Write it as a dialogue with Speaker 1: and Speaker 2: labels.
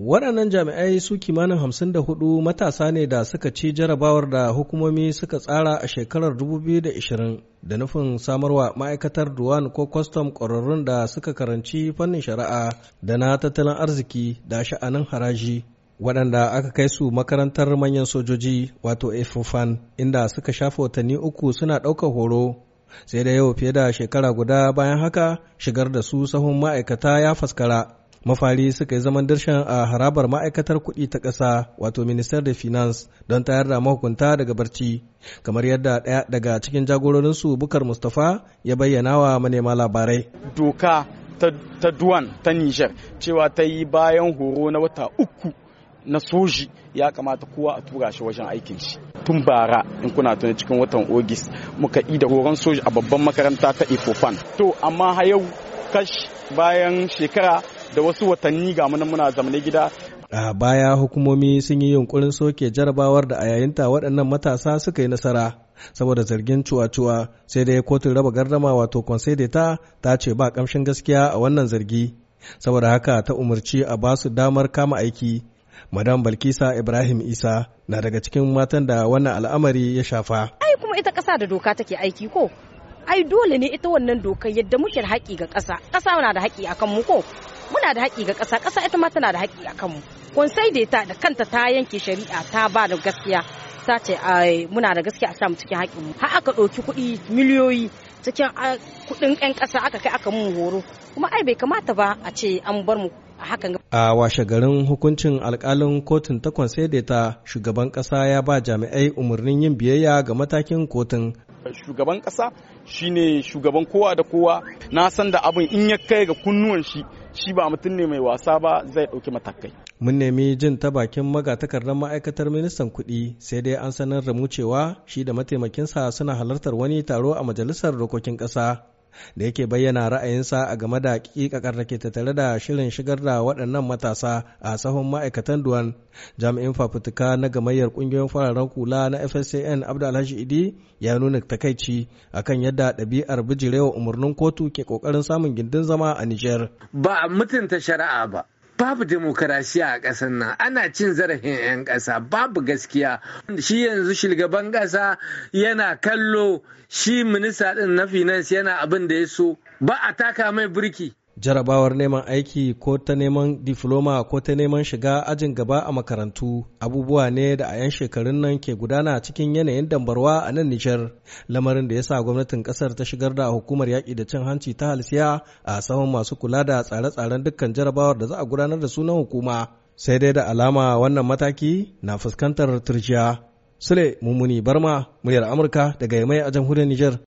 Speaker 1: Waɗannan jami'ai su kimanin hamsin da hudu matasa ne da suka ci jarabawar da hukumomi suka tsara a shekarar 2020 da nufin samarwa ma'aikatar duwan ko kwastam ƙwararrun da suka karanci fannin shari'a da na tattalin arziki da sha'anin haraji waɗanda aka kai su makarantar manyan sojoji wato efufan inda suka shafa watanni uku suna ɗaukar horo sai da yau fiye da shekara guda bayan haka shigar da su sahun ma'aikata ya faskara mafari suka yi zaman darshen a harabar ma'aikatar kuɗi ta ƙasa wato minister da finance don tayar da mahukunta daga barci kamar yadda ɗaya daga cikin jagororinsu bukar mustapha ya bayyana wa manema labarai
Speaker 2: doka ta duwan ta niger cewa ta yi bayan horo na wata uku na soji ya kamata kowa a tura shi wajen aikin shi tun bara in kuna tuni cikin watan ogis muka yi da horon soji a babban makaranta ta ikofan to amma yau kash bayan shekara da wasu watanni ga munan muna zamani gida
Speaker 1: a baya hukumomi sun yi yunkurin soke jarabawar da a yayinta waɗannan matasa suka yi nasara saboda zargin cuwa-cuwa sai dai kotun raba gardama wato consedeta ta ce ba kamshin gaskiya a wannan zargi saboda haka ta umarci a ba su damar kama aiki madam balkisa ibrahim isa na daga cikin matan da wannan al'amari ya shafa
Speaker 3: ai kuma ita ƙasa da doka take aiki ko ai dole ne ita wannan dokar yadda muke da haƙi ga ƙasa ƙasa na da haƙi akan mu ko muna da haƙƙi ga ƙasa ƙasa ita ma tana da haƙƙi a kanmu sai da ta da kanta ta yanke shari'a ta ba da gaskiya ta ce muna da gaskiya a samu cikin haƙƙinmu har aka ɗauki kuɗi miliyoyi cikin kuɗin ƴan ƙasa aka kai aka mun horo kuma ai bai kamata ba a ce an bar mu a hakan
Speaker 1: a washe garin hukuncin alkalin kotun ta ta shugaban ƙasa ya ba jami'ai umarnin yin biyayya ga matakin kotun
Speaker 2: shugaban ƙasa shine shugaban kowa da kowa na san da abin in ya kai ga kunnuwan shi shi ba mutum ne mai wasa ba zai ɗauki matakai.
Speaker 1: Mun nemi jin ta bakin magatakardar ma'aikatar ministan kuɗi sai dai an sanar da mu cewa shi da mataimakinsa suna halartar wani taro a majalisar dokokin ƙasa da yake bayyana ra'ayinsa a game da ƙiƙaƙar da ke tattare da shirin shigar da waɗannan matasa a sahun ma'aikatan duwan jami'in fafutuka na gamayyar ƙungiyoyin fararen kula na fscn abdullahi idi ya nuna takaici akan yadda ɗabi'ar bijirewa umarnin kotu ke ƙoƙarin samun gindin zama a niger ba mutunta shari'a ba babu demokarasiya a ƙasar nan ana cin zarafin 'yan ƙasa babu gaskiya shi yanzu shugaban ƙasa yana kallo shi minista ɗin na finance yana abin da ya so ba a taka mai birki jarabawar neman aiki ko ta neman difloma ko ta neman shiga ajin gaba a makarantu abubuwa ne da a 'yan shekarun nan ke gudana cikin yanayin dambarwa a nan Nijar lamarin da ya sa gwamnatin kasar ta shigar da hukumar yaƙi da cin hanci ta halsiya a sahun masu kula da tsare-tsaren dukkan jarabawar da za a gudanar da sunan hukuma sai dai da alama wannan mataki na fuskantar turjiya. Sule Mumuni Barma, muryar Amurka daga Yamai a jamhuriyar Nijar.